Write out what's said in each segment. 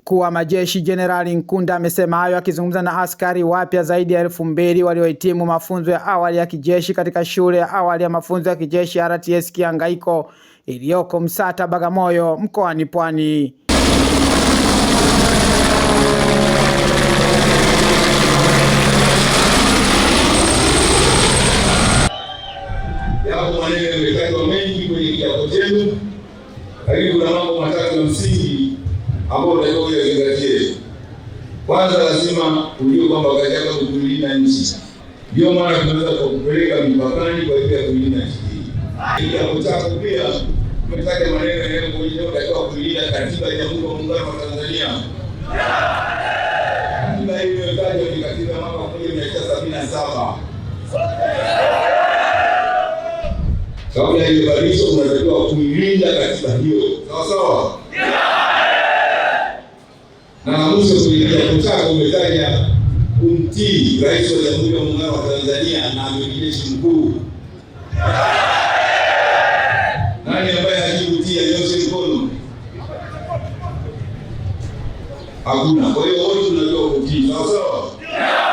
Mkuu wa majeshi Jenerali Nkunda amesema hayo akizungumza na askari wapya zaidi ya elfu mbili waliohitimu mafunzo ya awali ya kijeshi katika shule ya awali ya mafunzo ya kijeshi RTS Kihangaiko iliyoko Msata, Bagamoyo, mkoani Pwani. Yapo maneno mengi kwenye kiapo chetu, karibu na mambo matatu ya msingi ambao unatakiwa uyazingatie. Kwanza lazima ujue kwamba gari yako ni nchi, ndio maana tunaweza kukupeleka mipakani kwa ajili ya kulina nchi hii. Ili yakutaka pia tumetaka maneno yanayokuonyesha unatakiwa kuilinda katiba ya Jamhuri ya Muungano wa Tanzania. Katiba hiyo iliyotajwa ni katiba ya mwaka 1977 kabla haijabadilishwa, unatakiwa kuilinda katiba hiyo, sawa sawa. Na la mwisho kuingia kutaka kumetaja kumtii Rais wa Jamhuri ya Muungano wa Tanzania na Amiri Jeshi Mkuu. Nani ambaye hajibutia nyoshe mkono? Hakuna. Kwa hiyo wote tunajua kutii. Sawa sawa?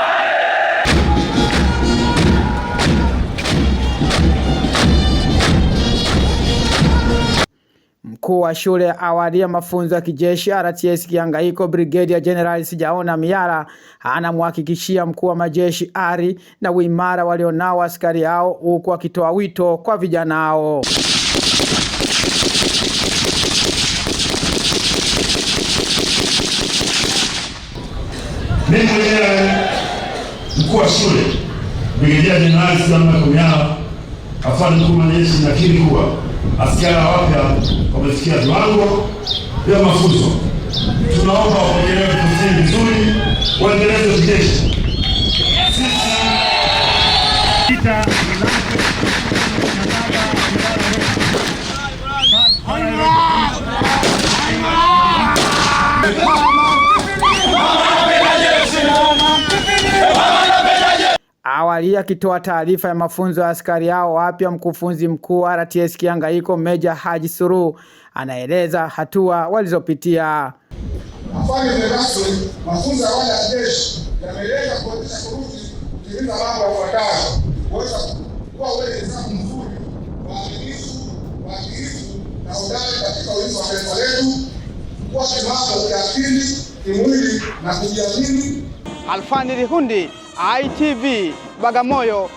mkuu wa shule ya awali ya mafunzo ya kijeshi RTS Kihangaiko, Brigedia Jenerali Sijaona Miara anamhakikishia mkuu wa majeshi ari na uimara walionao askari hao, huku akitoa wito kwa vijana hao. Mimi mwenyewe mkuu wa shule Brigedia Jenerali Sijaona Miara Afande Mkuu Mwanajeshi, nakiri kuwa askari wapya wamefikia viwango vya mafunzo. Tunaomba waendelee kufanya vizuri, waendeleze jeshi. awali akitoa taarifa ya mafunzo ya askari hao wapya, mkufunzi mkuu wa RTS Kihangaiko Meja Haji Suru anaeleza hatua walizopitia. Mafunzo ya awali ya jeshi yameleta kuwezesha kuruti kutimiza mambo yafuatayo: kuweza kuwa uwekezaji mzuri, waaminifu, waadilifu na udari katika ulinzi wa taifa letu, kuwa kimamo kiakili, kimwili na kujiamini. Alfani Lihundi ITV Bagamoyo.